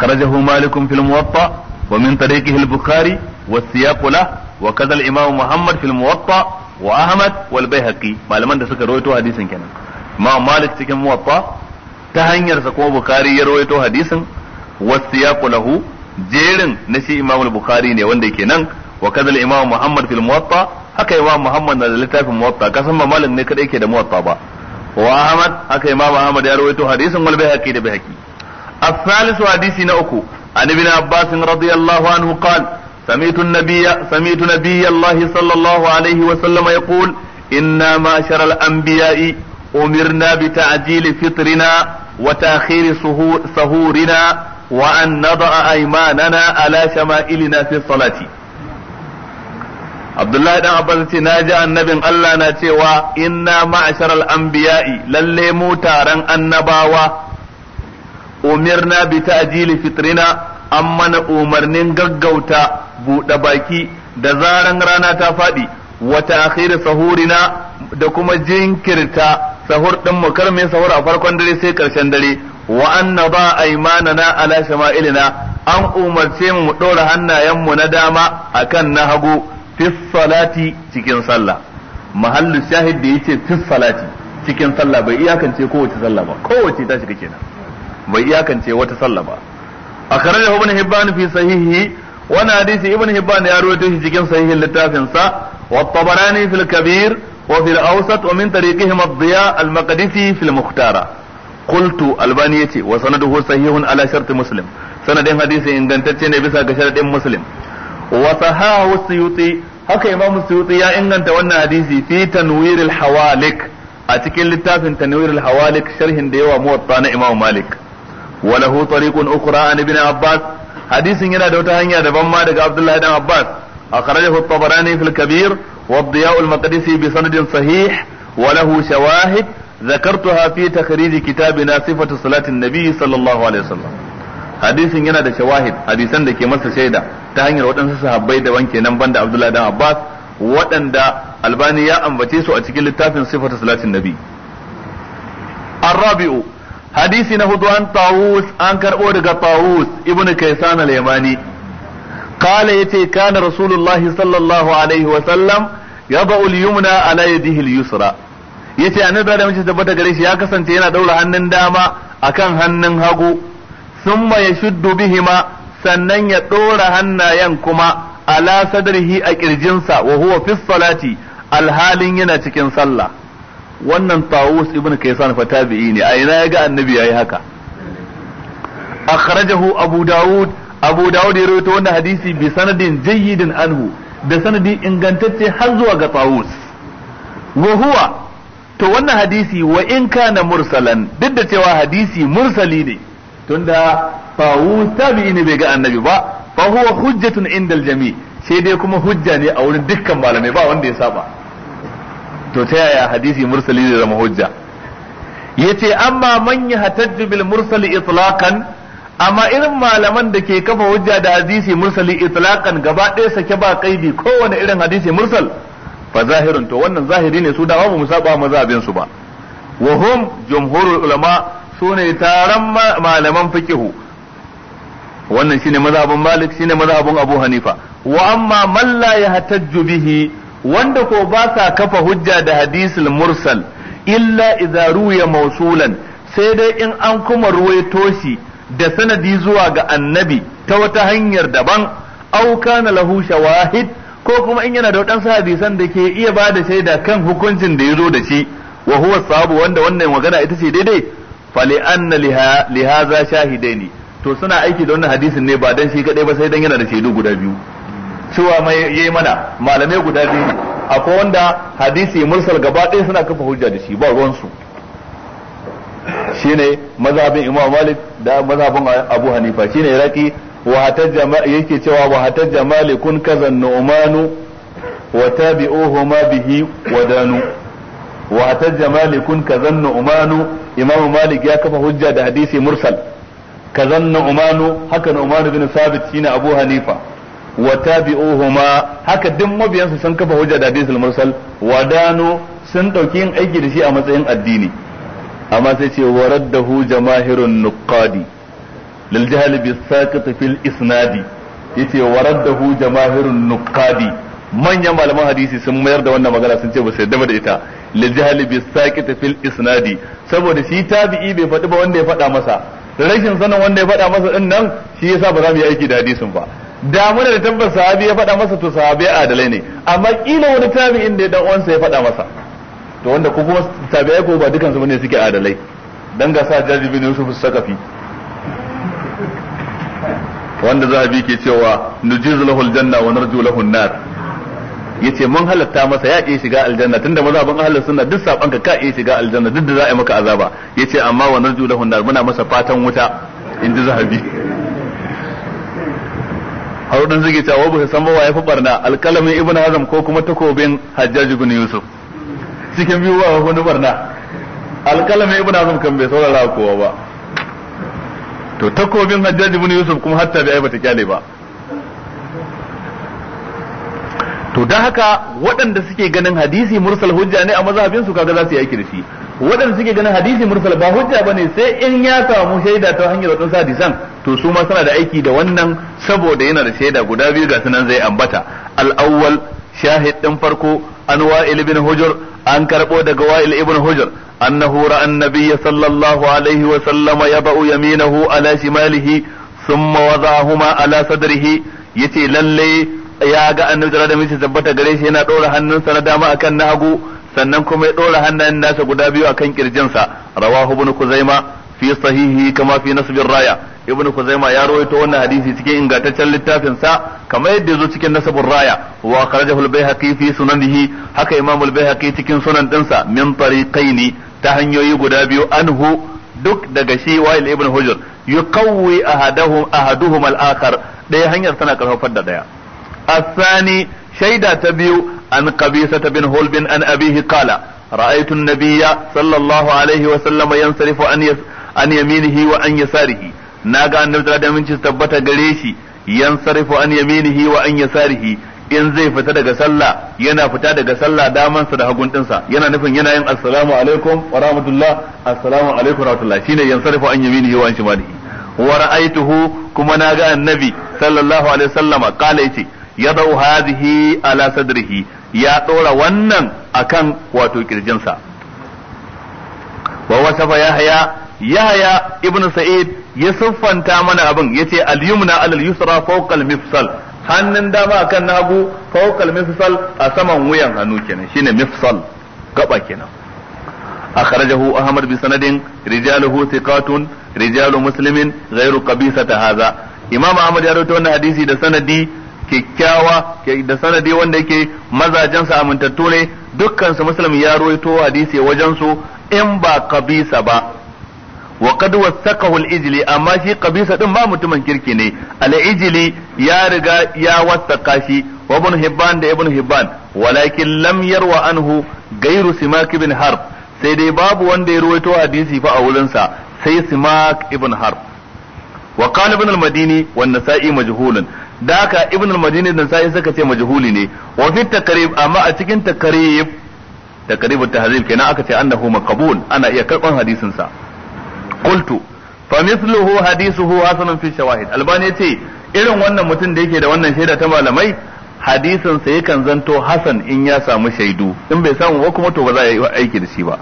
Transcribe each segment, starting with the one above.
أخرجه مالك في الموطأ ومن طريقه البخاري والسياق له وكذا الإمام محمد في الموطأ وأحمد والبيهقي معلمان da suka rawaito hadisin kenan Imam Malik cikin muwatta ta hanyarsa sa kuma Bukhari ya rawaito hadisin wasiyaqu lahu jerin na shi Imam Bukhari ne wanda yake wa kadal Imam Muhammad fil haka Imam Muhammad na da littafin muwatta kasan ma Malik ne kada yake da muwatta ba wa Ahmad haka Imam Muhammad ya rawaito hadisin wal Baihaqi da Baihaqi الثالث حديث نأكو عن ابن عباس رضي الله عنه قال سمعت النبي سمعت نبي الله صلى الله عليه وسلم يقول إنا معشر الأنبياء أمرنا بتعجيل فطرنا وتأخير سهورنا وأن نضع أيماننا على شمائلنا في الصلاة Abdullahi dan Abbas ce na ji annabin Allah na cewa inna ma'asharal anbiya'i lalle mu taron annabawa umirna bi ta'jili fitrina an mana umarnin gaggauta buɗe baki da zaran rana ta faɗi wa ta'khir sahurina da kuma jinkirta sahur din mu kar mai sahur a farkon dare sai karshen dare wa anna ba aymanana ala shama'ilina an umarce mu mu dora hannayen mu na dama akan na hagu fi salati cikin sallah mahallu shahid da yace fi salati cikin sallah bai iyakance kowace sallah ba kowace ta shiga kenan bai iyakance wata sallah ba da ibn hibban fi sahihi wannan hadisi ibn hibban ya rawaito shi cikin sahihin littafin sa wa tabarani fil kabir wa fil awsat wa min tariqihim ad-diya al-maqdisi fil mukhtara qultu albani yace wa sanaduhu sahihun ala shart muslim sanadin hadisi ingantacce ne bisa ga sharadin muslim wa sahahu suyuti haka imam suyuti ya inganta wannan hadisi fi tanwir al-hawalik a cikin littafin tanwir al-hawalik sharhin da yawa muwatta na imam malik wa lahu tariqun ukhra an ibn abbas hadisin yana da wata hanya daban ma daga abdullahi dan abbas akhrajahu at-tabarani fil kabir wa ad-diya' al-maqdisi bi sanadin sahih wa lahu shawahid ذكرتها في تخريج كتابنا صفة صلاة النبي صلى الله عليه وسلم hadisin yana da shawahid hadisan da ke masa shaida ta hanyar waɗansu sahabbai daban kenan banda Abdullahi dan Abbas waɗanda Albani ya ambace su a cikin littafin sifatu salatin nabi Ar-Rabi'u hadisi na hudu an tawus an karbo daga tawus ibn kaisan al-yamani qala yace kana rasulullahi sallallahu alaihi wa sallam yad'u al-yumna ala yadihi al-yusra yace annabi da mace tabbata gare shi ya kasance yana daura hannun dama akan hannun hagu thumma yashuddu bihima sannan ya dora hannayen kuma ala sadrihi a kirjinsa wa huwa fi salati alhalin yana cikin sallah wannan tawus ibn kaysan fa tabi'i ne a ina ya ga annabi yayi haka akhrajahu abu daud abu daud ya rawaito wannan hadisi bi sanadin jayyidin anhu da sanadi ingantacce har zuwa ga tawus wa huwa to wannan hadisi wa in kana mursalan duk da cewa hadisi mursali ne tunda tawus tabi'i ne bai ga annabi ba fa huwa hujjatun indal jami' sai dai kuma hujja ne a wurin dukkan malamai ba wanda ya saba to ta yaya hadisi mursali zai zama hujja yace amma man yahtajju bil mursali itlaqan amma irin malaman da ke kafa hujja da hadisi mursali itlaqan gaba ɗaya sake ba kaidi kowane irin hadisi mursal fa zahirun to wannan zahiri ne su da ba mu saba mazhabin su ba wa hum jumhurul ulama sune taron malaman fiqhu wannan shine mazhabin Malik shine mazhabin Abu Hanifa wa amma man la yahtajju bihi wanda ko ba sa kafa hujja da hadisul mursal illa idza ruya mawsulan sai dai in an kuma ruwaito shi da sanadi zuwa ga annabi ta wata hanyar daban aw kana lahu shawahid ko kuma in yana da wadansu hadisan da ke iya ba da shaida kan hukuncin da ya zo da shi wa huwa sahabu wanda wannan magana ita ce daidai fali anna lihaza shahidaini to suna aiki da wannan hadisin ne ba dan shi kadai ba sai dan yana da shaidu guda biyu cewa mai yayi mana malamai guda biyu akwai wanda hadisi mursal gaba ɗaya suna kafa hujja da shi ba ruwan su shine mazhabin Imam Malik da mazhabin Abu Hanifa shine Iraki wa hatajja yake cewa wa hatajja malikun kazan nu'manu wa tabi'uhuma bihi wa danu wa hatajja malikun kazan nu'manu Imam Malik ya kafa hujja da hadisi mursal kazan nu'manu haka nu'manu bin sabit shine Abu Hanifa wa tabi'uhuma haka duk mabiyansu sun kafa hujja da hadisul mursal wa dano sun aiki da shi a matsayin addini amma sai ce wa raddahu jamaahirun nuqadi lil jahl bi saqit fil isnadi yace wa raddahu jamaahirun nuqadi manyan malaman hadisi sun mayar da wannan magana sun ce ba su da ita lil jahl bi saqit fil isnadi saboda shi tabi'i bai faɗi ba wanda ya faɗa masa rashin sanin wanda ya faɗa masa dinnan shi yasa ba za mu yi aiki da hadisin ba damuna da tabbas sahabi ya faɗa masa to sahabi adalai ne amma kila wani tabi'in ya dan uwansa ya faɗa masa to wanda ko kuma tabi'ai ko ba dukansu bane suke adalai dan ga sa jaji bin yusuf sakafi wanda zahabi ke cewa nujiz lahul janna wa narju lahu nar yace mun halatta masa ya ke shiga aljanna tunda maza ban ahlus sunna duk sabanka ka ka iya shiga aljanna duk da za a yi maka azaba yace amma wa narju lahu nar muna masa fatan wuta in ji zahabi harudin zai cewa wabu san ba ya fi barna alkalamin ibn hazm ko kuma takobin hajjaji bin yusuf cikin biyu ba wani barna alkalamin ibn hazm kan bai saurara kowa ba to takobin hajjaji bin yusuf kuma hatta bai aibata kyale ba to da haka waɗanda suke ganin hadisi mursal hujja ne a mazhabin su kaga za su yi aiki da shi waɗanda suke ganin hadisi mursal ba hujja ba ne sai in ya samu shaida ta hanyar wadansu hadisan to su ma suna da aiki da wannan saboda yana da shaida guda biyu ga sunan zai ambata al-awwal shahid din farko an wa'il ibn hujr an karbo daga wa'il ibn hujr annahu ra'a an-nabiy sallallahu alaihi wa sallama yaba'u yaminahu ala shimalihi thumma wada'ahuma ala sadrihi yace lalle ya ga annabi da mishi tabbata gare shi yana dora hannunsa na dama akan na hagu sannan kuma ya dora hannayen nasa guda biyu akan kirjinsa rawahu ibn kuzaima fi sahihi kama fi nasbir raya ibn kuzaima ya rawaito wannan hadisi cikin ingantaccen littafin sa kamar yadda yazo cikin nasbur raya wa kharajahu al-baihaqi fi sunanihi haka imam al-baihaqi cikin sunan dinsa min tariqaini ta hanyoyi guda biyu anhu duk daga shi wa'il ibn hujr yuqawwi ahaduhum ahaduhum al-akhar daya hanyar tana karfafar da daya Sani shaida ta biyu an qabisata bin hulbin an abihi qala ra'aytu an-nabiyya sallallahu alaihi wa sallama yansarifu an an yaminihi wa an yasarihi naga annabi da aminci tabbata gare shi yansarifu an yaminihi wa in zai fita daga sallah yana fita daga sallah damansa da hagun yana nufin yana yin assalamu alaikum wa rahmatullah assalamu alaikum wa rahmatullah shine yansarifu an yaminihi wa an shimalihi wa ra'aituhu kuma naga annabi sallallahu alaihi wasallama qala yace yadau hadhihi ala sadrihi ya ɗora wannan akan wato kirjinsa wa haya. Ya haya ibnu sa'id ya siffanta mana abin yace al-yumna al-yusra fawqa al-mifsal hannun dama kan nagu fawqa al-mifsal a saman wuyan hannu kenan shine mifsal gaba kenan akhrajahu ahmad bi sanadin rijaluhu thiqatun rijalu muslimin ghairu qabisata hadha imam ahmad ya rawaito wannan hadisi da sanadi Kyakkyawa da sanadi wanda yake mazajensa amintattu ne dukkan su ya ruwaito hadisi wajen su in ba kabisa ba wa qad wasaqahu al-ijli amma shi kabisa din ba mutumin kirki ne al-ijli ya riga ya wasaqa shi wa ibn hibban da ibn hibban walakin lam yarwa anhu gairu simak ibn harb sai dai babu wanda ya ruwaito hadisi fa a wurinsa sai simak ibn harb وقال ابن المديني والنسائي مجهول da haka ibn al-madini dan sai suka ce majhuli ne wa fi takrib amma a cikin takrib takrib tahzib kenan aka ce annahu maqbul ana iya karban hadisin sa qultu fa mithluhu hadithuhu hasanun fi shawahid albani yace irin wannan mutum da yake da wannan shaida ta malamai hadisin sa yakan zanto hasan in ya samu shaidu in bai samu ba kuma to ba za a yi aiki da shi ba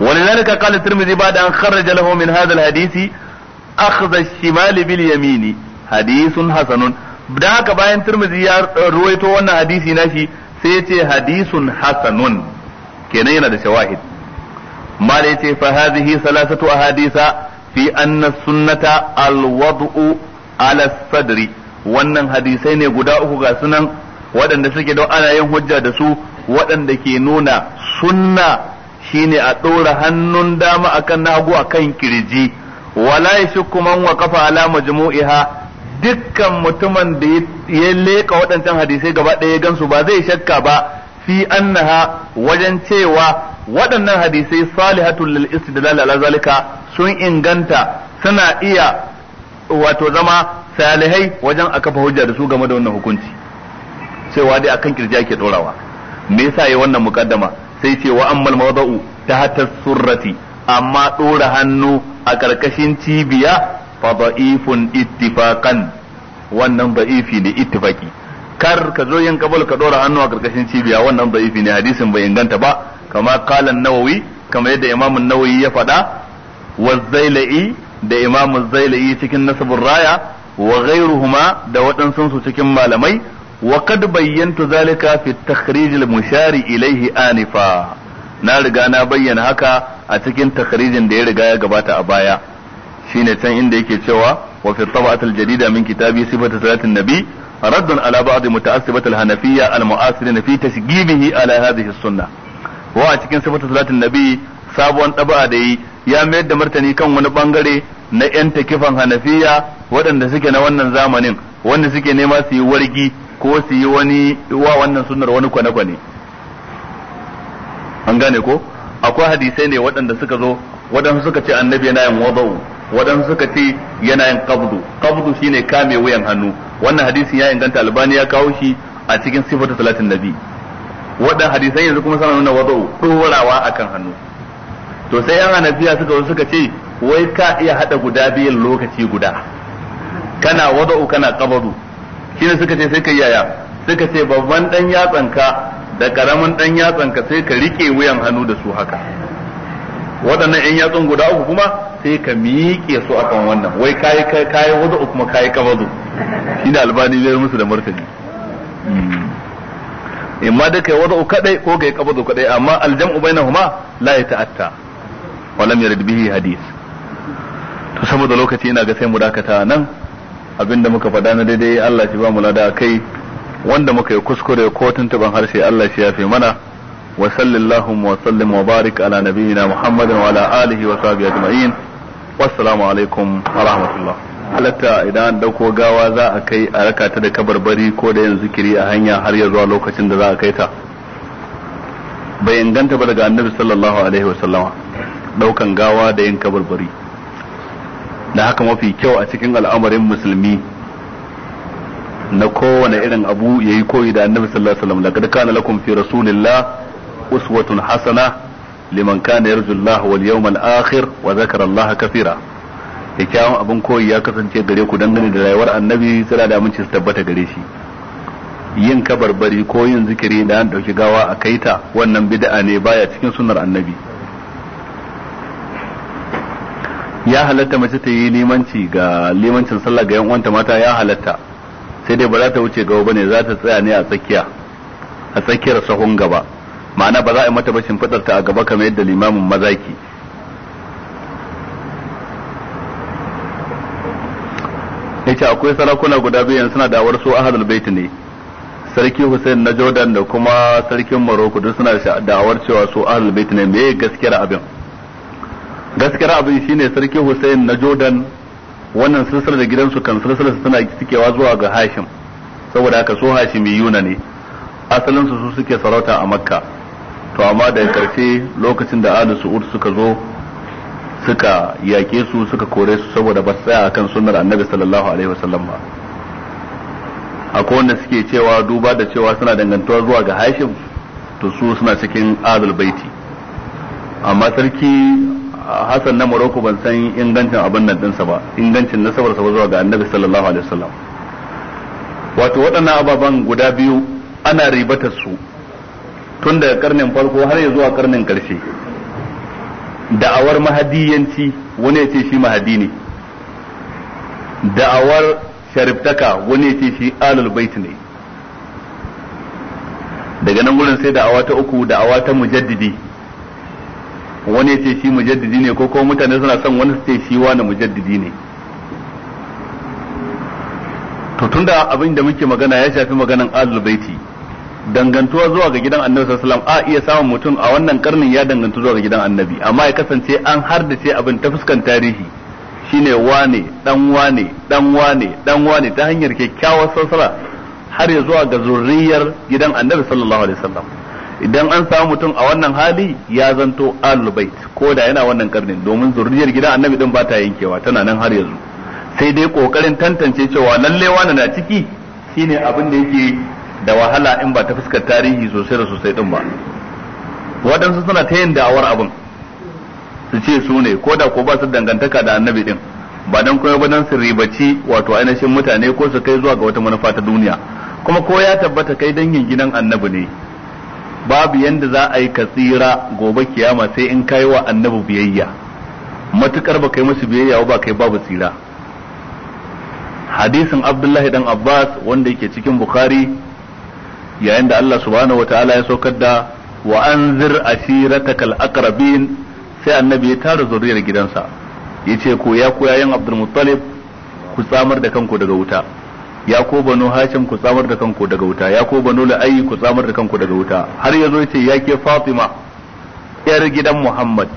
ولذلك قال الترمذي بعد أن خرج له من هذا الحديث أخذ الشمال باليمين حديث حسن da haka bayan turmizi ya eh, ruwaito wannan hadisi na shi sai ya ce hadisun hasanun kenan yana da shawahid mala ce fa hadhihi salasatu ahadisa fi anna sunnata alwad'u ala sadri wannan hadisai ne guda uku ga sunan waɗanda suke don ana yin hujja da su waɗanda ke nuna sunna shine a ɗora hannun dama akan nagu akan kirji wala yashukku man waqafa ala majmu'iha dukkan mutumin da ya leka waɗancan hadisai gaba ɗaya gansu ba zai shakka ba fi annaha wajen cewa waɗannan hadisai salihatul lil istidlal ala zalika sun inganta suna iya wato zama salihai wajen a kafa hujja da su game da wannan hukunci cewa dai akan kirja ke dorawa me yasa yi wannan mukaddama sai ce wa ammal mawda'u ta hatta surrati amma dora hannu a karkashin cibiya fa da'ifun ittifaqan wannan da'ifi ne ittifaqi kar ka zo yin kabul ka dora hannu a karkashin cibiya wannan da'ifi ne hadisin bai inganta ba kama qala an-nawawi kama yadda imam an-nawawi ya faɗa wa zailai da imam zailai cikin nasabur raya wa ghayruhuma da waɗansu su cikin malamai wa kad bayyantu zalika fi at-takhrij al-mushari ilayhi anifa na riga na bayyana haka a cikin takhrijin da ya riga ya gabata a baya shine can inda yake cewa wa fi tab'at al-jadida min kitabi sifatu salatin nabi raddun ala ba'd muta'assibat al-hanafiyya al-mu'asirin fi tashghibihi ala hadhihi as-sunnah wa a cikin sifatu salatin nabi sabuwan ɗaba'a da yi ya mayar da martani kan wani bangare na yan takifan hanafiya waɗanda suke na wannan zamanin wanda suke nema su yi wargi ko su yi wani wa wannan sunnar wani kwane-kwane an gane ko akwai hadisai ne waɗanda suka zo waɗansu suka ce annabi yana yin wadau wadan suka ce yana yin qabdu qabdu shine kame wuyan hannu wannan hadisi ya inganta albani ya kawo shi a cikin sifatu salatin nabi wadan hadisan yanzu kuma suna nuna wadau dorawa akan hannu to sai yan anabiya suka suka ce wai ka iya hada guda biyan lokaci guda kana wadau kana qabdu shine suka ce sai ka yaya suka ce babban dan yatsanka da karamin dan yatsanka sai ka rike wuyan hannu da su haka waɗannan yan yatsun guda uku kuma sai ka miƙe su akan wannan wai kayi kayi ko kuma kayi kabazu shine albani zai musu da martani hmm. imma da kai wadu kadai ko kai kabazu kadai amma aljam'u bainahuma la yata'atta wa lam yarid bihi hadith to saboda lokaci ina ga sai mu dakata nan abinda muka faɗa na daidai Allah shi ba mu lada kai wanda muka yi kuskure ko tuntuban harshe Allah shi ya fi mana وصل اللهم وسلم وبارك على نبينا محمد وعلى آله وصحبه أجمعين والسلام عليكم ورحمة الله halatta idan dauko gawa za a kai a raka ta da kabarbari ko da yin zikiri a hanya har ya zuwa lokacin da za a kai ta bai inganta ba daga annabi sallallahu alaihi wasallama daukan gawa da yin kabarbari da haka mafi kyau a cikin al'amarin musulmi na kowane irin abu yayi koyi da annabi sallallahu alaihi wasallam daga kana lakum fi rasulillah uswatun حسنة liman كان يرجو الله wal الآخر وذكر wa كثيرا kafira أبن kyakkyawan abin koyi ya kasance gare ku dangane da rayuwar annabi sira da aminci su tabbata gare shi yin kabarbari ko yin zikiri da an dauki gawa a kaita wannan bid'a ne baya cikin sunnar annabi ya halatta mace ta yi limanci ga limancin sallah ga yan uwanta mata ya halatta sai dai ba za ta wuce gaba bane za ta tsaya ne a tsakiya a tsakiyar sahun gaba ma'ana ba za a yi mata ba shimfidar ta a gaba kamar yadda limamin mazaki yace akwai sarakuna guda biyu suna awar su ahadul bait ne sarki Hussein na Jordan da kuma sarkin Morocco duk suna da'awar cewa su ahlul bait ne me gaskiyar abin gaskiyar abin shine sarki Hussein na Jordan wannan silsilar da gidansu kan su suna cikewa zuwa ga Hashim saboda haka su Hashimiyuna ne asalin su su suke sarauta a Makka to amma daga karfe lokacin da alu su'ud suka zo suka yake su suka kore su saboda ba tsaya akan sunnar annabi sallallahu alaihi wasallam ba akwai wanda suke cewa duba da cewa suna dangantuwa zuwa ga hashim to su suna cikin adul baiti amma sarki hasan na morocco ban san ingancin abin nan dinsa ba ingancin nasabar sa zuwa ga annabi sallallahu alaihi wasallam wato waɗannan ababen guda biyu ana ribatar su tun daga karnin farko har ya zuwa karnin karshe da'awar mahadiyanci wani ya ce shi mahadi ne da'awar sharibtaka wani ya ce shi alul bait ne daga nan gurin sai da'awa ta uku da'awa ta mujaddidi wani ya ce shi mujaddidi ne ko kuma mutane suna son wani su ce shi wani mujaddidi ne to tunda abin da muke magana ya shafi maganan alul baiti dangantuwa zuwa ga gidan annabi sallallahu alaihi wasallam a iya samun mutum a wannan karnin ya dangantu zuwa ga gidan annabi amma ya kasance an hardace abin ta fuskan tarihi shine wane dan wane dan wane dan wane ta hanyar kyakkyawar sassara har ya zuwa ga zurriyar gidan annabi sallallahu alaihi wasallam idan an samu mutum a wannan hali ya zanto alubait ko da yana wannan karnin domin zurriyar gidan annabi din ba ta yankewa tana nan har yanzu sai dai kokarin tantance cewa lalle wani na ciki shine abin da yake da wahala in ba ta fuskar tarihi sosai da sosai din ba waɗansu suna ta yin da'awar abin su ce su ne ko da ko ba su dangantaka da annabi din ba dan koyo ba su ribaci wato ainihin mutane ko su kai zuwa ga wata manufa ta duniya kuma ko ya tabbata kai dangin gidan annabi ne babu yanda za a yi ka tsira gobe kiyama sai in kai wa annabi biyayya matukar ba kai musu biyayya ba kai babu tsira hadisin abdullahi dan abbas wanda yake cikin bukhari yayin da Allah subhanahu wataala ya saukar da wa anzir ashiratakal aqrabin sai annabi ya tara zuriyar gidansa yace ko ya ku yayin Abdul Muttalib ku tsamar da kanku daga wuta ya ko banu Hashim ku tsamar da kanku daga wuta ya ko banu Lai ku tsamar da kanku daga wuta har yazo yace ya ke Fatima yar gidan Muhammad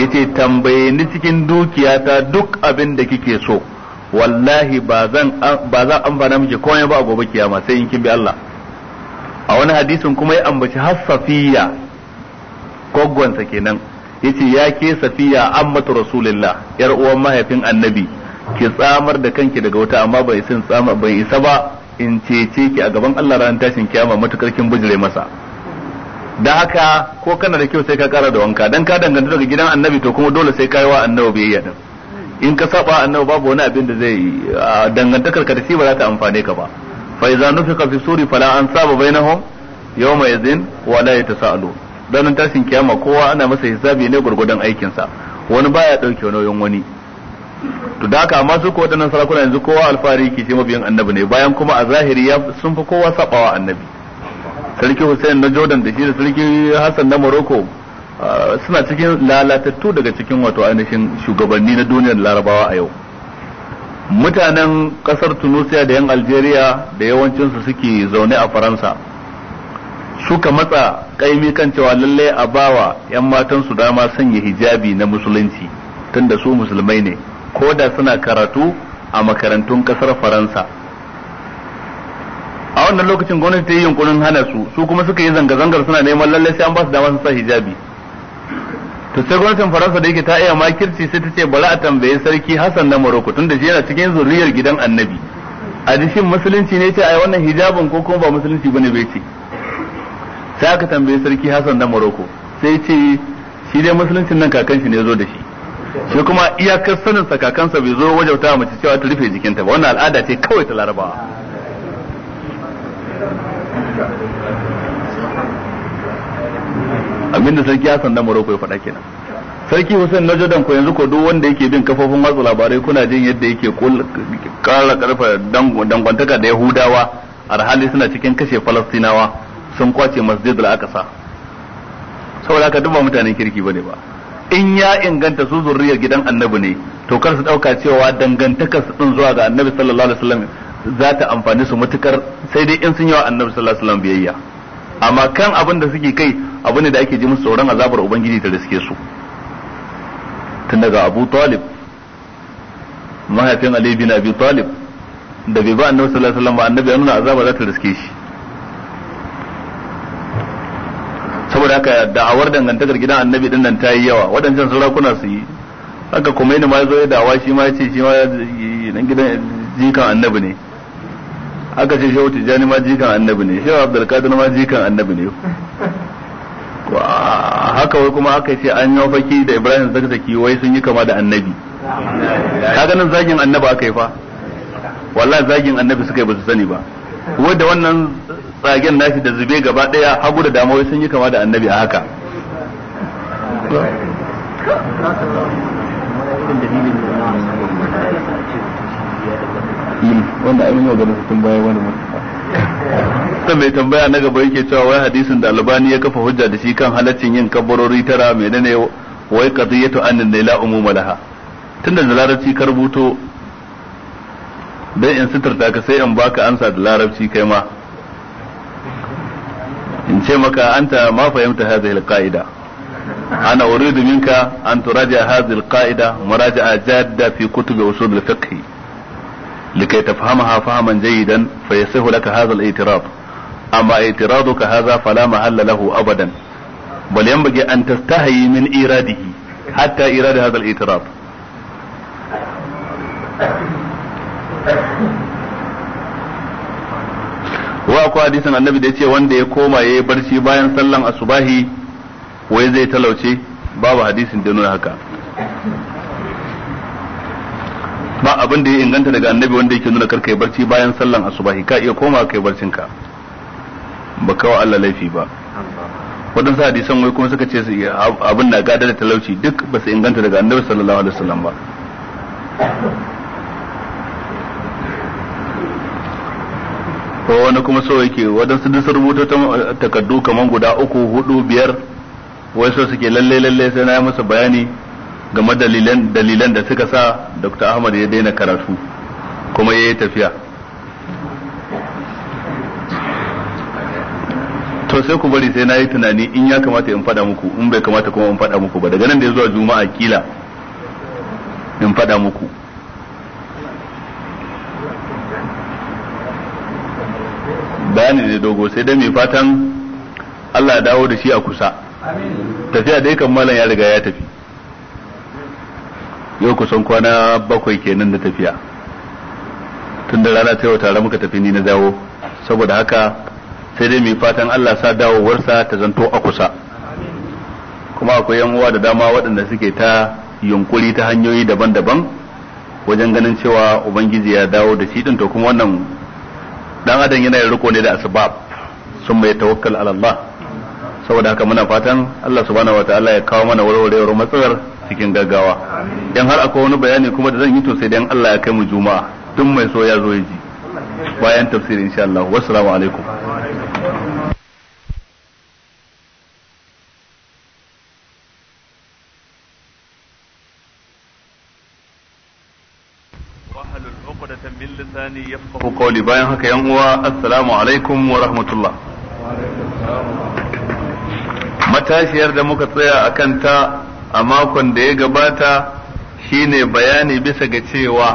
yace tambaye ni cikin dukiyata duk abin da kike so wallahi ba zan ba za amfana miki komai ba a gobe kiyama sai in kin bi Allah a wani hadisin kuma ya ambaci har safiya gwaggwansa kenan yace ya ke safiya ammatu rasulillah yar uwan mahaifin annabi ki tsamar da kanki daga wuta amma bai san tsama bai isa ba in cece ki a gaban Allah ran tashin kiyama matukar kin bujire masa da haka ko kana da kyau sai ka kara da wanka dan ka danganta daga gidan annabi to kuma dole sai yi wa annabi biyayya din in ka saba annabi babu wani abin da zai dangantakar ka da shi ba za ta amfane ka ba فإذا idza في fi suri fala بينهم bainahum yawma idhin wa la ranar tashin kiyama kowa ana masa hisabi ne gurgudan aikinsa wani baya dauke nauyin wani to da haka amma su ko wadannan sarakuna yanzu kowa alfahari ke ce mabiyan annabi ne bayan kuma a zahiri ya sun fi kowa sabawa annabi sarki Hussein na Jordan da shi da sarki Hassan na Morocco ah, suna cikin lalatattu daga cikin wato ainihin shugabanni na duniyar Larabawa a yau mutanen kasar tunisia da yan algeria da yawancinsu suke zaune a faransa suka matsa kaimi kan cewa lalle a bawa yan matansu dama sanya hijabi na musulunci tunda su musulmai ne ko da suna karatu a makarantun kasar faransa a wannan lokacin gwamnati ta yi yunkurin hana su su kuma suka yi zanga-zangar suna neman lalle sai an ba su dama su sa hijabi to sai gwamnatin faransa da yake ta iya makirci sai ta ce bari a tambaye sarki hasan na maroko tunda shi yana cikin zuriyar gidan annabi a jishin musulunci ne ce yi wannan hijabin ko kuma ba musulunci bane bai ce sai aka tambaye sarki hasan na maroko sai ce shi dai musuluncin nan kakan shi ne zo da shi shi kuma iyakar sanin sa kakansa bai zo wajauta mace cewa ta rufe jikinta ba wannan al'ada ce kawai ta larabawa abinda sarki Hassan na Morocco ya faɗa kenan sarki Hussein na Jordan ko yanzu ko duk wanda yake bin kafofin watsa labarai kuna jin yadda yake kara karfa dangantaka da Yahudawa arhali suna cikin kashe Falastinawa sun kwace Masjidul Aqsa saboda haka duk ba mutanen kirki bane ba in ya inganta su zurriyar gidan annabi ne to kar su dauka cewa dangantakar su din zuwa ga annabi sallallahu alaihi wasallam za ta amfani su matukar sai dai in sun yi wa annabi sallallahu alaihi wasallam biyayya amma kan abin da suke kai abin ne da ake ji musu tsoron azabar ubangiji ta riske su tun daga abu talib mahaifin ali na abu talib da bai ba annabi sallallahu alaihi wasallam ba annabi ya azabar za ta riske shi saboda haka da'awar dangantakar gidan annabi din nan ta yi yawa waɗancan sarakuna su yi haka kuma yana ma ya zo ya dawa shi ma ya ce shi ma ya gidan jikan annabi ne haka ce shehu tijjani ma jikan annabi ne shehu abdulkadir ma jikan annabi ne haka wai kuma aka ce an yi faki da ibrahim zakzaki wai sun yi kama da annabi kaga nan zagin annabi aka yi fa wallahi zagin annabi suka yi ba su sani ba kuma da wannan tsagen nashi da zube gaba daya hagu da dama wai sun yi kama da annabi a haka yi wanda an yi magana cikin bayan wani mustafa ta mai tambaya na gaba yake cewa wai hadisin da albani ya kafa hujja da shi kan halaccin yin kabarori tara ne wai qadiyatu ne la umuma laha tunda da larabci ka rubuto dan in sitirta ka sai in baka ansa da larabci kai ma in ce maka anta ma fahimta hadhihi alqaida ana uridu minka an turaja hadhihi alqaida muraja'a jadda fi kutubi usul alfiqh لكي تفهمها فهما جيدا فيصح لك هذا الاعتراض أما اعتراضك هذا فلا محل له أبدا بل ينبغي أن تستحي من إيراده حتى إيراد هذا الاعتراض wa akwai hadisin annabi da ya ce wanda ya koma ya yi barci bayan sallan asubahi wai zai talauce babu hadisin da nuna haka abin da ya inganta daga annabi wanda yake nuna karka yi barci bayan sallan asubahi ka iya koma kai barcin ka ba kawa Allah laifi ba waɗansu hadisan wai kuma suka ce abin na gada da talauci duk ba su inganta daga annabi sallallahu alaihi wasallam ba ko wani kuma so yake wadan su sun rubuta eh, takaddu kamar guda uku hudu biyar wai so suke lalle lalle sai na yi masa bayani game dalilan dalilan da suka sa Dr. Ahmad ya daina karatu kuma ya yi tafiya to sai ku bari sai na yi tunani in ya kamata in faɗa muku in bai kamata kuma in faɗa muku ba daga nan da ya zuwa juma'a kila in faɗa muku bayani ne dogo sai dai mai fatan Allah ya dawo da shi a kusa tafiya dai kan malam ya riga ya tafi yau kusan kwana bakwai kenan da tafiya tun da rana ta yau tare muka tafi ni na dawo saboda haka sai dai mai fatan Allah sa dawowarsa ta zanto a kusa kuma akwai yan uwa da dama waɗanda suke ta yunkuri ta hanyoyi daban-daban wajen ganin cewa ubangiji ya dawo da shi din to kuma wannan dan adam yana riko ne da asbab sun mai tawakkal ala Allah saboda haka muna fatan Allah subhanahu wataala ya kawo mana warwarewar matsalar cikin gaggawa Idan har akwai wani bayani kuma da zan yi to sai dan Allah ya kai mu juma'a duk mai so ya zo ya ji bayan tafsiri insha Allah wassalamu alaikum yafqahu qawli bayan haka yan uwa assalamu alaikum wa rahmatullah matashiyar da muka tsaya akan ta a makon da ya gabata shine bayani bisa ga cewa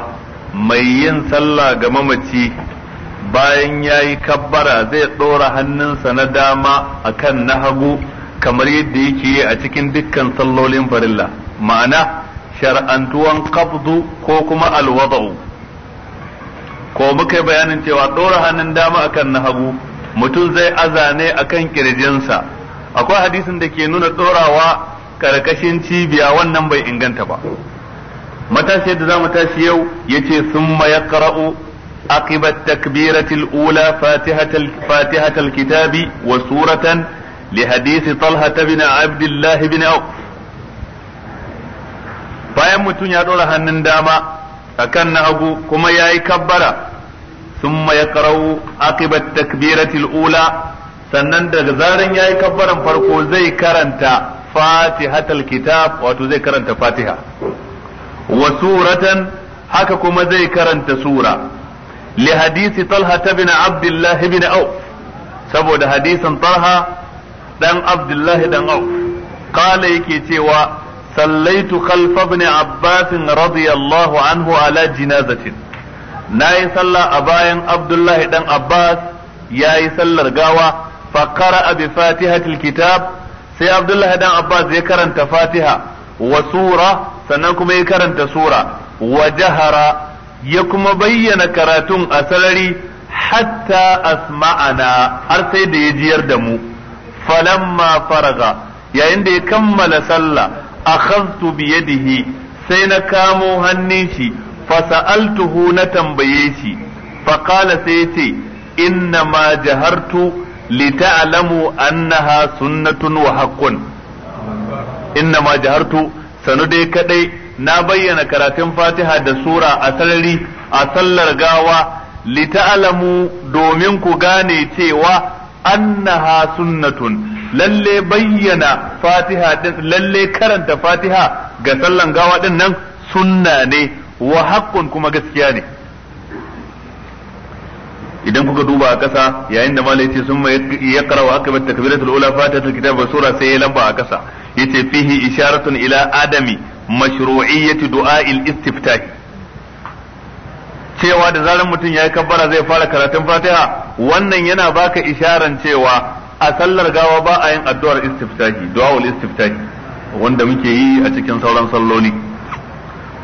mai yin sallah ga mamaci bayan ya yi kabbara zai ɗora hannunsa na dama akan na hagu kamar yadda yake yi a cikin dukkan sallolin farilla ma'ana shar'antuwan kabdu ko kuma alwada'u ko muka bayanin cewa ɗora hannun dama akan na hagu mutum zai azane akan ƙirjinsa akwai hadisin da ke nuna ɗorawa karkashin cibiya wannan bai inganta ba matashi yadda za mu tashi yau yace summa yaqra'u عقب التكبيرة الأولى فاتحة فاتحة الكتاب وسورة لحديث طلحة بن عبد الله بن عوف bayan mutum ya ɗora hannun dama a kan na hagu kuma ya yi kabbara sun ya karau akibat takbiratil ula sannan daga zaran ya yi kabbaran farko zai karanta fatihatal kitab wato zai karanta fatiha wa suratan haka kuma zai karanta sura li hadisi talha hadisin talha dan abdullah dan yake cewa sallaitu khalfa ibn abbas radiyallahu anhu ala jinazatin nayi sallah a bayan abdullah dan abbas sallar gawa fa qara'a kitab sai abdullah dan abbas ya karanta fatiha sura sannan kuma ya karanta sura wa jahara ya kuma bayyana karatun a sarari hatta asma'ana har sai da ya jiyar da mu falamma faraga yayin da ya kammala sallah akhadtu bi yadihi sai na kamo hannun shi fa sa'altuhu na tambaye shi fa qala sai yace inna ma jahartu li ta'lamu annaha sunnatun wa haqqun inna ma jahartu sanu dai kadai na bayyana karatun fatiha da sura a sarari a sallar gawa lita'alamu domin ku gane cewa annaha sunnatun lalle bayyana fatiha din lalle karanta fatiha ga sallan gawa din nan sunna ne wa haqqun kuma gaskiya ne idan kuka duba a ƙasa yayin da malai ce sun ma ya karawa aka takbiratul ula fatihatul kitab wa sura sai ya lamba a ƙasa yace fihi isharatun ila adami mashru'iyyati du'a'il istiftah cewa da zaran mutum yayi kabbara zai fara karatun fatiha wannan yana baka isharan cewa a sallar gawa ba a yin addu'ar istiftahi du'a'ul wanda muke yi a cikin sauran salloli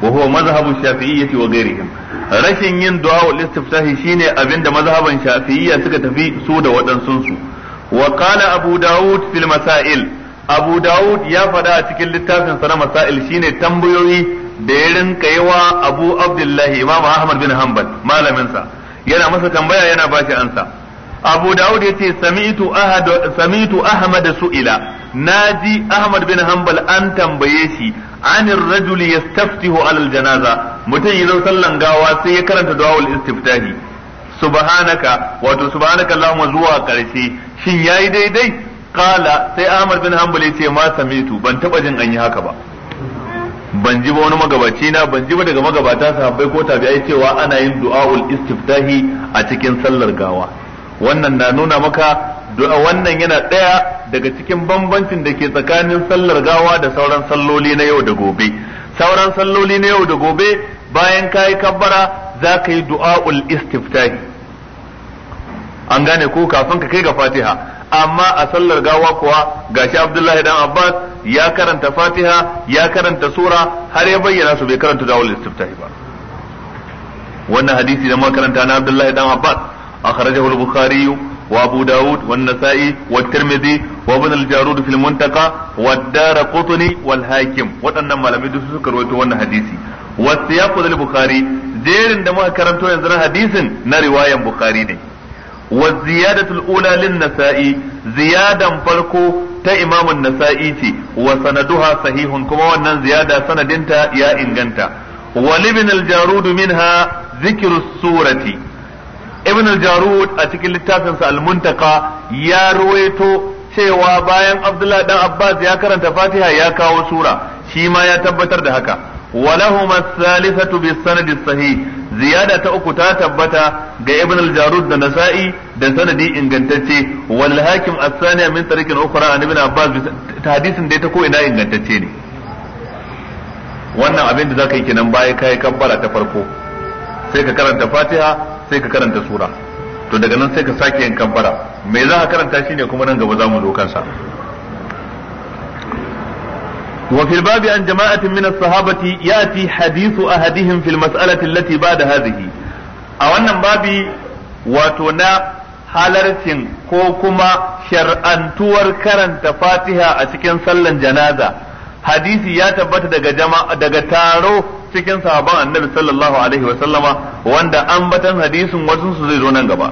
wa huwa mazhabu shafi'iyyati wa ghairihim rashin yin du'a'ul istiftahi shine abinda mazhaban shafi'iyya suka tafi su da waɗansu wa qala abu daud fil masail abu dawud ya faɗa a cikin littafin sa na masail shine tambayoyi da ya rinka yawa abu abdullahi imam ahmad bin hanbal malamin sa yana masa tambaya yana shi ansa abu dawud yace sami'tu ahad sami'tu ahmad su'ila naji ahmad bin hanbal an tambaye shi anir rajuli yastaftihu alal janaza mutum yazo sallan gawa sai ya karanta du'aul istiftahi subhanaka wato subhanaka allahumma zuwa karshe shin yayi daidai qala sai Ahmad bin hambali ce ma samitu ban taba jin an yi haka ba ban ji ba wani magabaci na ban ji ba daga magabata sahabbai ko tabi'ai cewa ana yin du'aul istiftahi a cikin sallar gawa wannan na nuna maka wannan yana ɗaya daga cikin bambancin da ke tsakanin sallar gawa da sauran salloli na yau da gobe sauran salloli na yau da gobe bayan ka yi kabbara za ka yi du'a'ul istiftahi an gane ko kafin ka kai ga fatiha amma a sallar gawa kuwa shi Abdullahi dan Abbas ya karanta Fatiha ya karanta sura har ya bayyana su bai karanta dawul istiftahi ba wannan hadisi da karanta na Abdullahi dan Abbas akhrajahu al-Bukhari wa Abu daud wa Nasa'i wa Tirmidhi wa Ibn al-Jarud fil Muntaqa wa ad-darqutni wal Hakim waɗannan malamai duk suka rawaito wannan hadisi wa siyaqul bukhari jerin da muka karanto yanzu na hadisin na riwayan Bukhari ne wa ziyadatul ula lin nasa'i ziyadan farko ta imamun nasa'i ce wa sanaduha sahihun kuma wannan ziyada sanadinta ya inganta wa ibn al-jarud minha surati ibn jarud a cikin littafinsa almuntaka ya ruwaito cewa bayan abdullahi dan abbas ya karanta fatiha ya kawo sura shi ma ya tabbatar da haka ولهما bi sanadin الصحيح ziyada ta uku ta tabbata ga ibn al-jarud da nasa'i da sanadi ingantacce wal hakim as saniya min tariqin ukhra an ibn abbas ta hadisin da ta ko ina ingantacce ne wannan abin da zaka yi kenan bayan kai kabbara ta farko sai ka karanta fatiha sai ka karanta sura to daga nan sai ka sake yin kabbara me za ka karanta shine kuma nan gaba za mu zo kansa وفي الباب عن جماعة من الصحابة يأتي حديث أحدهم في المسألة التي بعد هذه أولا بابي واتونا halarcin ko kuma shar'antuwar karanta fatiha a cikin sallan janaza hadisi ya tabbata daga jama'a daga taro cikin sahaban annabi sallallahu alaihi wa sallama wanda ambatan hadisin wasu su zai zo nan gaba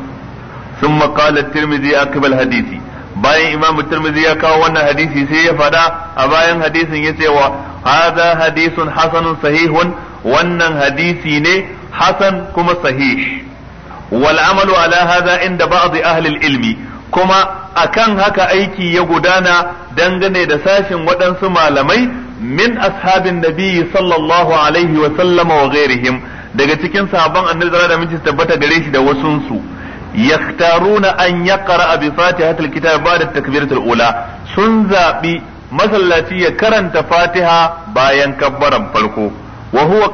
ثم قال الترمذي أقبل hadisi. bayan imamu tirmidhi ya kawo wannan hadisi sai ya fada a bayan hadisin ya cewa hadha hadisun hasanun sahihun wannan hadisi ne hasan kuma sahih wal amalu ala hadha inda ba'd ahli ilmi kuma akan haka aiki ya gudana dangane da sashin waɗansu malamai min ashabin nabiyyi sallallahu alaihi wa sallama wa ghairihim daga cikin sahabban annabi da miji tabbata gare shi da wasunsu su yaktaruna anyakara yaqra bi fatihatil kitab ba'da takbiratul ula sun zaɓi masallaci ya karanta fatiha bayan kabbaran farko wa huwa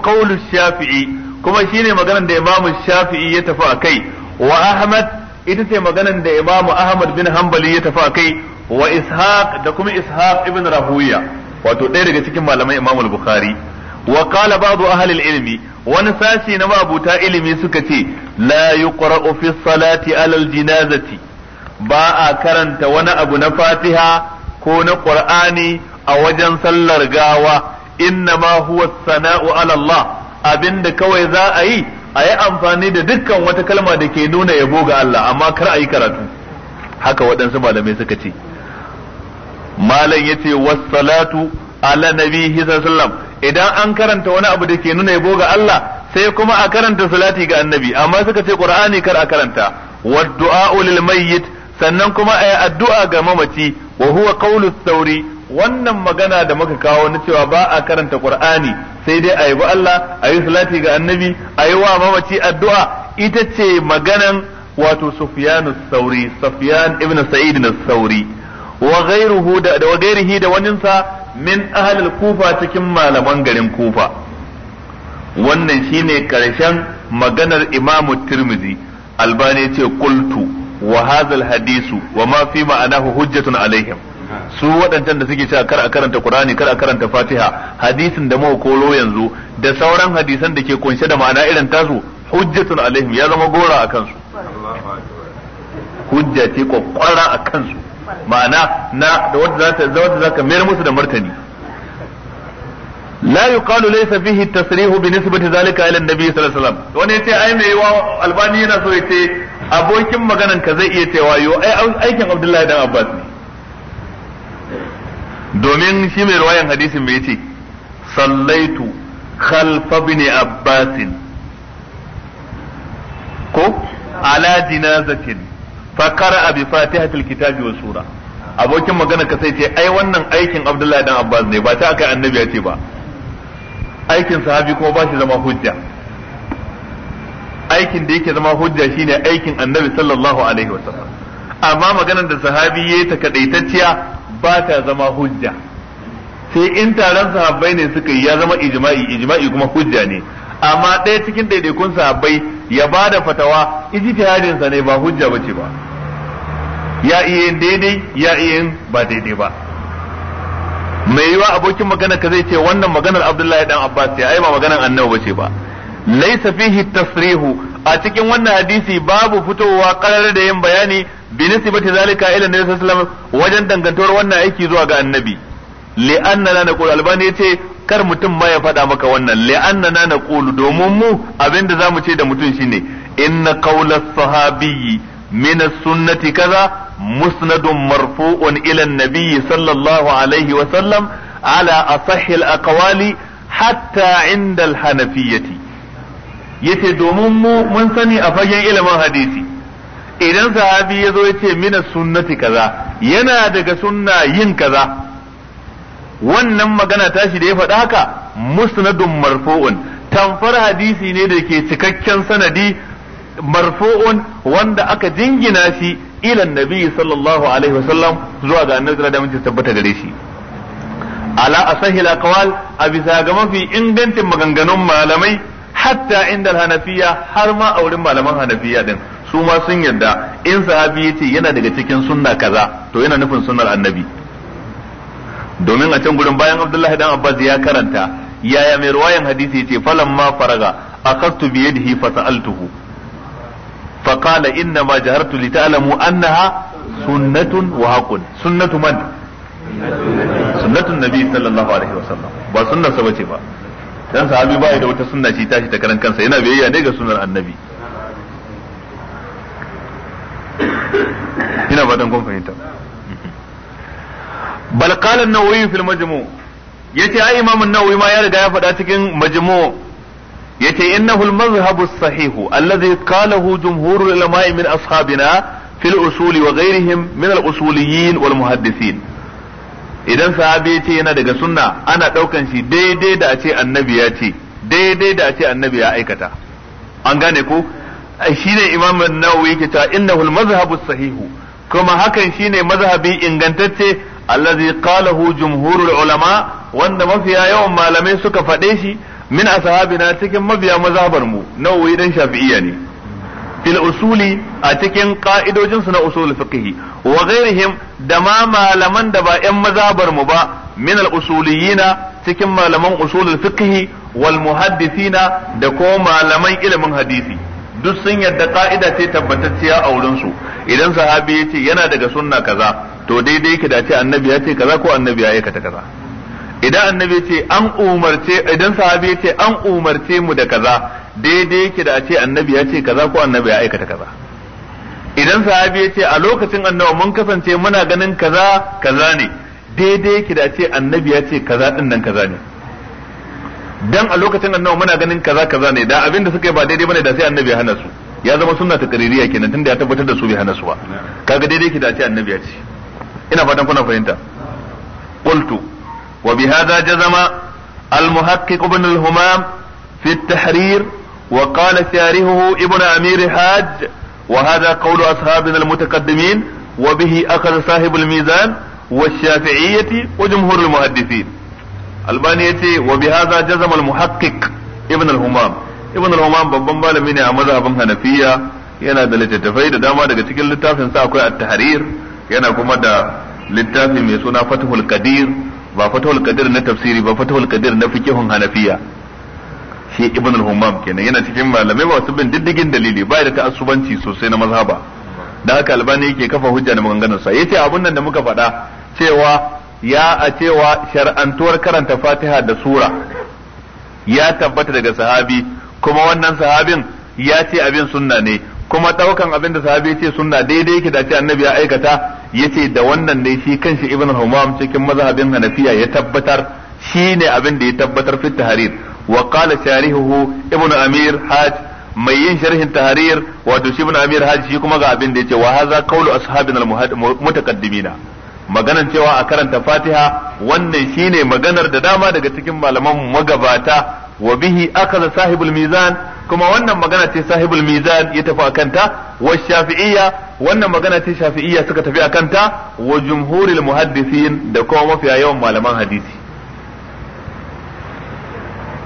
shafi'i kuma shine magana da imamu shafi'i ya tafi akai wa ahmad ita ce maganar da imamu ahmad bin hanbali ya tafi akai wa ishaq da kuma ishaq ibn rahuya wato ɗaya daga cikin malaman imamu al-bukhari Wakala babu ba'du ahli ilmi wani sashi na mabuta ilimi suka ce la yuqra'u fi salati ala al-janazati ba a karanta wani abu na Fatiha ko na Qur'ani a wajen sallar gawa inna ma sana'u ala Allah abinda kawai za a yi a yi amfani da dukkan wata kalma da ke nuna yabo ga Allah amma kar a yi karatu haka waɗansu malamai suka ce malam yace was salatu ala nabihi sallallahu idan an karanta wani abu da ke nuna yabo ga Allah sai kuma a karanta salati ga annabi amma suka ce qur'ani kar a karanta wa du'a lil mayyit sannan kuma ayi addu'a ga mamaci wa huwa qawlu sauri wannan magana da muka kawo na cewa ba a karanta qur'ani sai dai ayi ba Allah ayi salati ga annabi ayi wa mamaci addu'a ita ce maganan wato Sufyan sauri Sufyan ibn Sa'id ath sauri wa ghayruhu da wa ghayrihi da waninsa min ahlil kufa cikin malaman garin kufa wannan shine karshen maganar imamu tirmizi albani ce kultu wa hadha hadisu wa ma fi ma'anahu hujjatun alaihim su waɗancan da suke cewa kar a karanta Qur'ani kar a karanta Fatiha hadisin da muka koro yanzu da sauran hadisan da ke kunshe da ma'ana irin tasu hujjatun alaihim ya zama gora a kansu hujja ce kwakwara a kansu ma'ana na da wanda za ta za ka mayar musu da martani la yuqalu laysa fihi tasrihu bi nisbati zalika ila an-nabi sallallahu alaihi wasallam wani yace ai mai wa albani yana so yace abokin maganan ka zai iya cewa yo ai aikin abdullahi dan abbas domin shi mai ruwayan hadisin bai ce sallaitu khalfa ibn abbas ko ala jinazatin fa qara'a bi fatihatil kitabi wa sura abokin magana ka sai ce ai wannan aikin Abdullahi dan Abbas ne ba ta aka annabi ya ce ba aikin sahabi kuma ba shi zama hujja aikin da yake zama hujja shine aikin annabi sallallahu alaihi wa sallam amma maganar da sahabi yayi ta kadaitacciya ba ta zama hujja sai in taron sahabbai ne suka yi ya zama ijma'i ijma'i kuma hujja ne amma ɗaya cikin sa bai ya ba da fatawa ijtihadin sa ne ba hujja bace ba ya iya yin daidai ya iya yin ba daidai ba mai yiwa abokin magana ka zai ce wannan maganar Abdullahi dan Abbas ya ai ba maganar Annabi bace ba laysa fihi tasrihu a cikin wannan hadisi babu fitowa karar da yin bayani bi nisbati zalika ila nabi sallallahu alaihi wasallam wajen dangantawar wannan aiki zuwa ga annabi li anna la albani yace kar mutum ma ya faɗa maka wannan na naqulu domin mu za mu ce da mutum shine inna qawla sahabiyyi min sunnati kaza musnadun marfu'un ilan an-nabiy sallallahu alaihi wa sallam ala asahhi al-aqwali hatta inda al-hanafiyyati yace domin mu mun sani a fagen ilimin hadisi idan sahabi yazo yace mina sunnati kaza yana daga sunna yin kaza wannan magana tashi da ya faɗa haka musnadun marfu'un tamfar hadisi ne da ke cikakken sanadi marfu'un wanda aka jingina shi ilan nabi sallallahu alaihi wasallam zuwa ga annabi da mun tabbata gare shi ala asahil aqwal a bisa ga mafi ingancin maganganun malamai hatta inda hanafiya har ma auren malaman hanafiya din su ma sun yarda in sahabi yace yana daga cikin sunna kaza to yana nufin sunnar annabi domin a can gurin bayan Abdullahi dan Abbas ya karanta yaya mai ruwayan hadisi yace ma faraga akhadtu bi yadihi fa sa'altuhu fa qala inna ma jahartu li ta'lamu annaha sunnatun wa haqqun sunnatu man sunnatun nabi sallallahu alaihi wasallam ba sunnar sa bace ba dan sahabi bai da wata sunna shi tashi ta karan kansa yana biyayya ne ga sunnar annabi ina fatan kun fahimta bal qala an-nawawi fil majmu yace ai imam an-nawawi ma ya riga ya faɗa cikin majmu yace innahu al-mazhabu as-sahihu alladhi qalahu jumhurul ulama min ashabina fil usuli wa ghayrihim min al-usuliyyin wal muhaddisin idan sahabi yace yana daga sunna ana daukan shi daidai da a ce annabi ya ce daidai da a ce annabi ya aikata an gane ko shine imam an-nawawi yake cewa innahu al-mazhabu as-sahihu kuma hakan shine mazhabi ingantacce allazi qalahu jumhurul ulama wanda mafiya yawan malamai suka faɗe shi min ashabina cikin mabiya mazhabar mu nawawi dan shafi'iyya ne fil usuli a cikin ka'idojin su na usul fiqh wa ghairihim da ma malaman da ba yan mazhabar mu ba minal al usuliyina cikin malaman usul fiqh wal muhaddisina da ko malaman ilimin hadisi duk sun yadda ka'ida ce tabbatacciya a wurin su idan sahabi ya ce yana daga sunna kaza to daidai ki dace ce annabi ya ce kaza ko annabi ya aikata kaza idan annabi ce an umarce idan sahabi ya ce an umarce mu da kaza daidai ki dace ce annabi ya ce kaza ko annabi ya aikata kaza idan sahabi ya ce a lokacin annabi mun kasance muna ganin kaza kaza ne daidai ki dace ce annabi ya ce kaza din nan kaza ne dan a lokacin annabi muna ganin kaza kaza ne da abinda suka yi ba daidai bane da sai annabi ya hana su ya zama sunna ta kaririya kenan tunda ya tabbatar da su bai hana su ba kaga daidai ki da sai annabi ya ce ina fatan kuna fahimta qultu wa jazama al-muhaqqiq ibn al-humam fi at-tahrir wa qala sharihuhu ibn amir hajj wa hadha qawl ashabina al-mutaqaddimin wa bihi akhadha sahib al-mizan والشافعية وجمهور المحدثين albani yace wa bi hadha jazama al-muhaqqiq ibn al-humam ibn al-humam babban malami ne a mazhabin hanafiya yana da littattafai da dama daga cikin littafin sa akwai at-tahrir yana kuma da littafi mai suna fathul qadir ba fathul qadir na tafsiri ba fathul qadir na fiqhun hanafiya shi ibn al-humam kenan yana cikin malamai ba su bin diddigin dalili ba da ta'assubanci sosai na mazhaba da haka albani yake kafa hujja da maganganun sa yace abun nan da muka faɗa cewa ya a cewa shar'antuwar karanta fatiha da sura ya tabbata daga sahabi kuma wannan sahabin ya ce abin sunna ne kuma daukan abin da sahabi ce sunna daidai yake da annabi ya aikata yace da wannan ne shi kanshi ibn humam cikin mazhabin hanafiya ya tabbatar shine abin da ya tabbatar fi tahrir wa qala sharihuhu ibn amir haj mai yin sharhin tahrir wato shi ibn amir haj shi kuma ga abin da yace wa hadha qawlu ashabina al-mutaqaddimina maganar cewa a karanta fatiha wannan shine maganar da dama daga cikin malaman magabata wa bihi akaza sahibul mizan kuma wannan magana ce sahibul mizan ya tafi akanta wa shafi'iyya wannan magana ce shafi'iyya suka tafi akanta wa jumhuril muhaddisin da kuma mafiya yawan malaman hadisi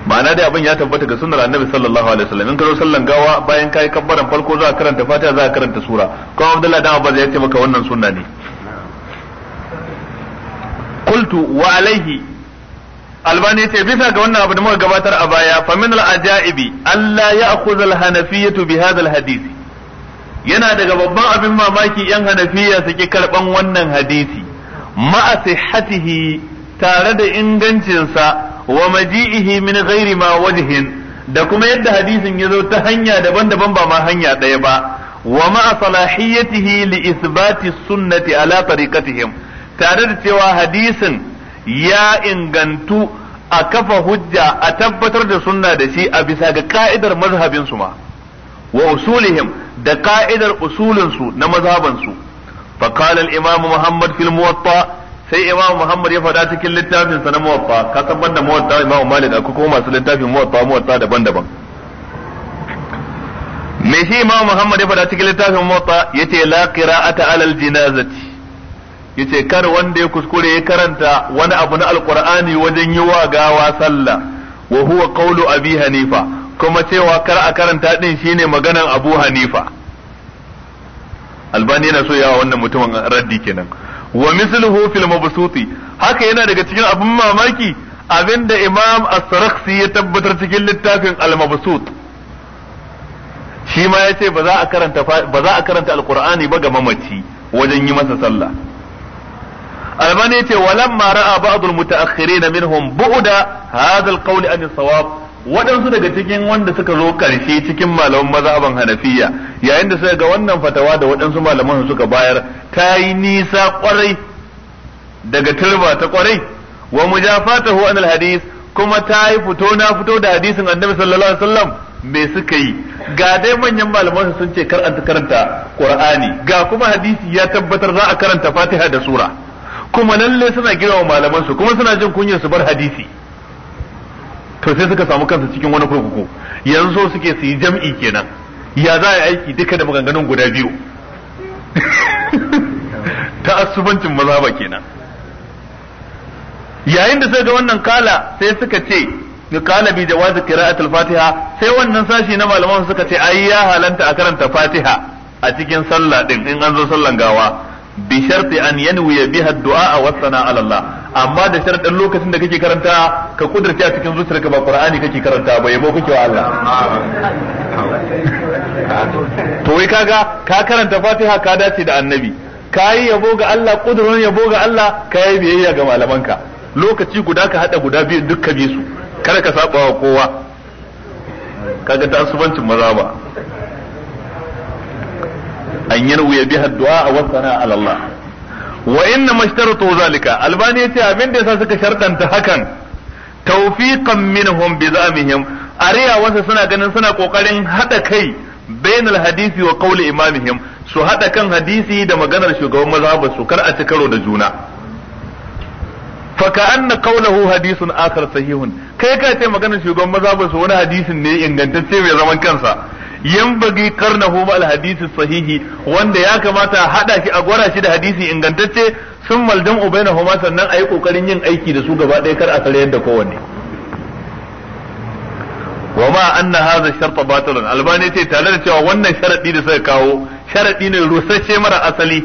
ma'ana dai abin ya tabbata ga sunnar annabi sallallahu alaihi wasallam in ka zo sallan gawa bayan kai kabbaran farko za ka karanta fatiha za ka karanta sura kuma abdullahi dan abbas ya ce maka wannan sunna ne qultu wa alaihi albani ce bisa ga wannan abu da muka gabatar a baya fa min ajaibi Allah ya al hanafiyatu bi hadha al hadith yana daga babban abin mamaki yan hanafiya saki karban wannan hadisi ma'a sihhatihi tare da ingancinsa wa maji'ihi min ghairi ma wajhin da kuma yadda hadisin ya zo ta hanya daban-daban ba ma hanya ɗaya ba wa ma'a salahiyatihi li isbati sunnati ala tariqatihim tare da cewa hadisin ya ingantu a kafa hujja a tabbatar da sunna da shi a bisa ga ka'idar mazhabinsu ma wa usulihim da ka'idar usulinsu na mazhabansu. su imam muhammad fil muwatta sai imam muhammad ya faɗa cikin littafin na muwatta ka san banda muwatta imam malik akwai kuma masu littafin muwatta muwatta daban-daban me shi imam muhammad ya faɗa cikin littafin yace la qira'ata yace kar wanda ya kuskure ya karanta wani abu na alqur'ani wajen yi wa gawa sallah wa huwa qawlu abi hanifa kuma cewa kar a karanta din shine maganan abu hanifa albani yana so yawa wannan mutumin raddi kenan wa misluhu fil mabsuti haka yana daga cikin abin mamaki abinda imam as-sarakhsi ya tabbatar cikin littafin al-mabsut shi ma yace ba za a karanta ba za a karanta alqur'ani ba ga mamaci wajen yi masa sallah albani ce walamma ra'a ba'dul mutaakhirin minhum bu'da hadha alqawl an sawab waɗansu daga cikin wanda suka zo karshe cikin malaman mazhaban hanafiya yayin da suka ga wannan fatawa da waɗansu malaman suka bayar ta yi nisa ƙwarai daga turba ta kwarai wa mujafatahu an hadis kuma ta yi fito na fito da hadisin annabi sallallahu alaihi wasallam me suka yi ga dai manyan malaman sun ce kar an karanta qur'ani ga kuma hadisi ya tabbatar za a karanta fatiha da sura kuma lalle suna girma malaman su kuma suna jin kunyar su bar hadisi to sai suka samu kansu cikin wani kurkuku yanzu so suke su yi jam'i kenan ya za a aiki duka da maganganun guda biyu ta asubancin mazhaba kenan yayin da sai ga wannan kala sai suka ce kala bi jawaz qira'at al-Fatiha sai wannan sashi na malaman suka ce ai ya halanta a karanta Fatiha a cikin sallah din in an zo sallan gawa bi sharti an yanwiya biha du'a wa sana ala Allah amma da sharadin lokacin da kake karanta ka kudurta a cikin zuciyarka ba Qur'ani kake karanta ba yabo kake wa Allah to wai kaga ka karanta Fatiha ka dace da Annabi kayi yabo ga Allah kudurin yabo ga Allah kayi biyayya ga malamanka lokaci guda ka hada guda biyu dukkan bisu kada ka saba wa kowa kaga ta maza ba an yarwiya biha du'a wa sana'a ala Allah wa inna mashtaratu zalika albani yace abin da yasa suka shartanta hakan tawfiqan minhum bi zamihim ariya wasu suna ganin suna kokarin hada kai bainal hadisi wa qawli imamihim su hada kan hadisi da maganar shugaban mazhabar su kar a ci karo da juna فكأن قوله حديث آخر صحيح kai ka ce maganar shugaban maza ba su wani hadisin ne ingantacce mai zaman kansa yanbagi qarnahu ma alhadisi sahihi wanda ya kamata a hada shi a gwara shi da hadisi ingantacce sun maljan ubainahuma sannan ayi kokarin yin aiki da su gaba ɗaya kar a tare da kowanne wa ma anna hadha sharta batilun albani ce tare da cewa wannan sharadi da suka kawo sharadi ne rusasshe mara asali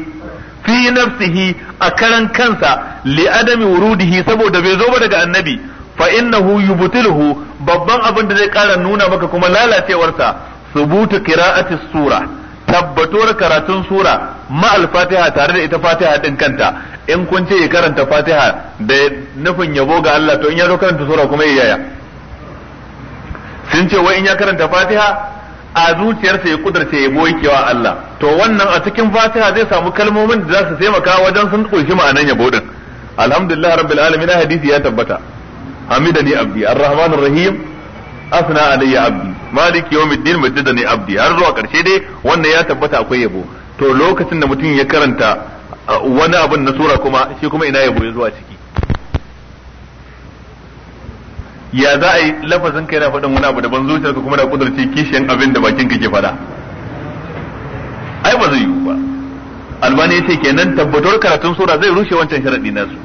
fi nafsihi a karan kansa li adami wurudihi saboda bai zo ba daga annabi fa innahu yubtiluhu babban abin da zai kara nuna maka kuma lalacewarsa subutu qira'ati sura tabbatuwar karatun sura ma al-fatiha tare da ita fatiha din kanta in kun ce ya karanta fatiha da nufin yabo ga Allah to in ya zo karanta sura kuma ya yaya sun ce wai in ya karanta fatiha a zuciyarsa ya kudurce ya boye wa Allah to wannan a cikin fatiha zai samu kalmomin da za su taimaka wajen sun kunshi ma'anan yabo din alhamdulillah rabbil alamin hadisi ya tabbata hamidani abdi arrahmanir rahim asna alayya abdi malik yawmiddin majjadani abdi har zuwa karshe dai wannan ya tabbata akwai yabo to lokacin da mutum ya karanta uh, wani abin na sura kuma shi kuma ina yabo ya zuwa ciki ya za a yi lafazin kai na faɗin wani abu daban zuciyarka kuma da kudurci kishiyan abin da bakin ka ke faɗa ai ba zai yiwu ba albani ya yace kenan tabbatar karatun sura zai rushe wancan sharadi nasu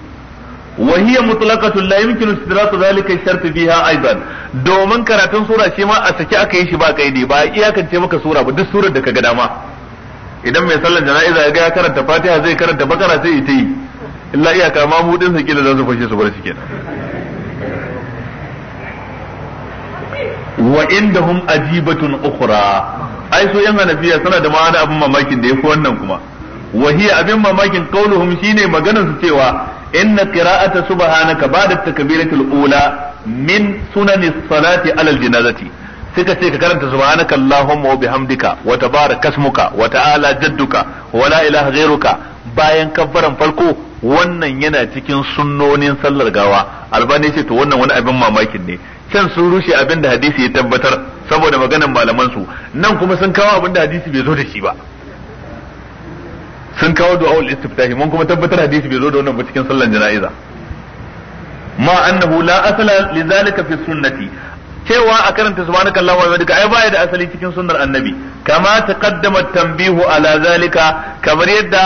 wa hiya mutlaqatun la yumkinu istidratu zalika domin karatun sura ce ma a saki aka yi shi ba kaidi ba iyakance maka sura ba duk surar da kaga dama idan mai sallar jana'iza ya ga ya karanta fatiha zai karanta bakara sai ita yi illa iyaka ma mudin sa kila za su fashe su bar kenan wa indahum ajibatun ukhra ai so yan hanafiya suna da ma'ana abin mamakin da yafi wannan kuma wa abin mamakin qauluhum shine maganar su cewa inna qira'ata سبحانك بعد takbiratul ula min سنن salati alal janazati suka ce ka karanta اللهم وبحمدك وتبارك اسمك وتعالى جدك ولا ta'ala jadduka wa bayan kabbaran farko wannan yana cikin sunnonin sallar gawa albani ce to wannan wani abin mamakin ne can sun rushe abin da hadisi ya tabbatar saboda maganan malaman su nan kuma sun kawo abin da hadisi bai zo da shi ba sun kawo du'aul istiftahi mun kuma tabbatar hadisi bai zo da wannan ba cikin sallan jana'iza ma annahu la asala lidhalika fi sunnati cewa a karanta subhanakallahu wa bihamdika ai baya da asali cikin sunnar annabi kama taqaddama tanbihu ala zalika kamar yadda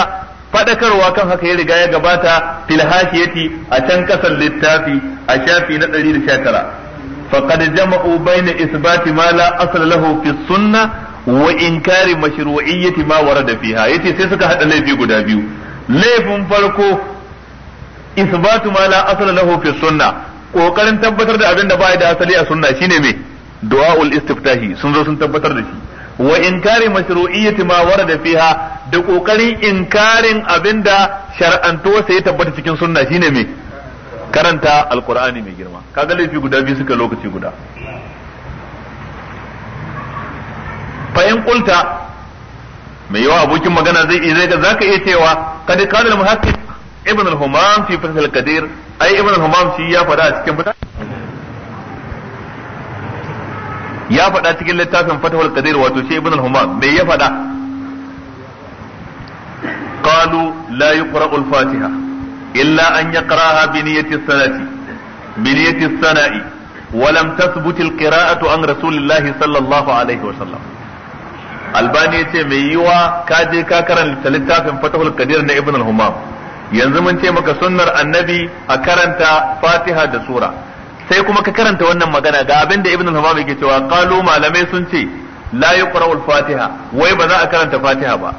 fadakarwa kan haka ya riga ya gabata fil yaci a can kasan littafi a shafi na 119 faqad jama'u bayna isbati ma la asala lahu fi sunnah wa inkari mashru'iyyati ma warada fiha yace sai suka hada laifi guda biyu laifin farko isbatu ma la asala lahu fi sunna kokarin tabbatar da abin da ba da asali a sunna shine me du'aul istiftahi sun zo sun tabbatar da shi wa inkari mashru'iyyati ma warada fiha da kokarin inkarin abin da shar'anto sai ya tabbata cikin sunna shine me karanta alqur'ani mai girma kaga laifi guda biyu suka lokaci guda fa Kulta, mai yawa abokin magana zai iya zai ga zaka iya cewa kad qala al muhaqqiq ibn al humam fi fath al qadir ai ibn al humam shi ya fada cikin fata ya fada cikin littafin fatahul qadir wato shi ibn al humam me ya fada qalu la yuqra'u al fatiha illa an yaqra'aha bi niyyati as-salati bi niyyati as-sana'i ولم تثبت القراءة عن رسول الله صلى الله عليه وسلم albani ya ce mai yiwa ka je ka karanta littafin fatahul kadir na ibn al-humam yanzu mun ce maka sunnar annabi a karanta fatiha da sura sai kuma ka karanta wannan magana ga abin da ibn al-humam yake cewa qalu malamai sun ce la yuqra'u al-fatiha wai ba za a karanta fatiha ba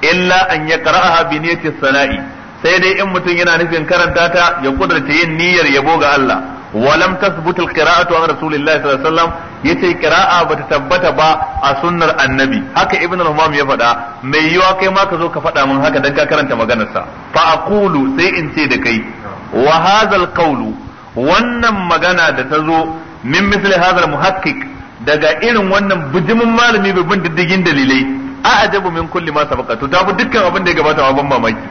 illa an yaqra'aha bi niyyati sana'i sai dai in mutum yana nufin karanta ta ya kudurta yin niyyar yabo ga Allah wa lam tasbut al qira'atu an rasulillahi sallallahu alaihi wasallam yace qira'a bata tabbata ba a sunnar annabi haka ibn al ya faɗa mai yiwa kai ma ka zo ka faɗa min haka dan ka karanta maganar sa fa aqulu sai in ce da kai wa hadha qawlu wannan magana da ta zo min misli hadha al daga irin wannan bijimin malami bai bin diddigin dalilai a ajabu min kulli ma sabaqa to tafi dukkan abin da ya gabata ma ban mamaki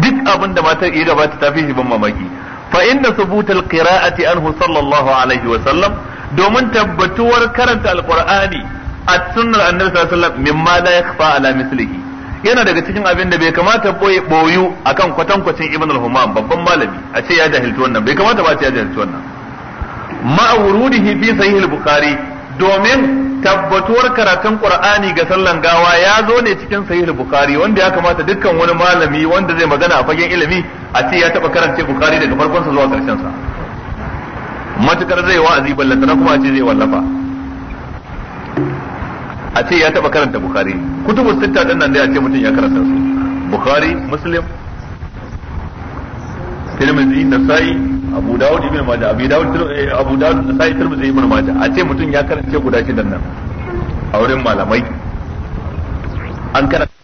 duk abin da matar ya gabata ta fi shi ban mamaki fa inna thubutal qira'ati anhu sallallahu alaihi wa sallam domin tabbatuwar karanta alqur'ani a sunnar annabi sallallahu alaihi wa sallam mimma ala mislihi yana daga cikin abin da bai kamata boye boyu akan kwatankwacin ibn al-humam babban malami a ce ya jahilci wannan bai kamata ba ce ya jahilci wannan ma'a wurudihi fi domin tabbatuwar karatun qur'ani ga sallan gawa ya zo ne cikin sahih bukhari wanda ya kamata dukkan wani malami wanda zai magana a fagen ilimi a ce ya taba karance bukhari daga farkon sa zuwa karshen sa matukar zai wa'azi ballanta na kuma a ce zai wallafa a ce ya taba karanta bukhari kutubu sitta din nan dai a ce mutum ya karanta su bukhari muslim tirmidhi nasai abu dawud ibn majah abu dawud abu dawud da sai tirmidhi ibn majah a ce mutum ya karance guda shidan nan a wurin malamai an karanta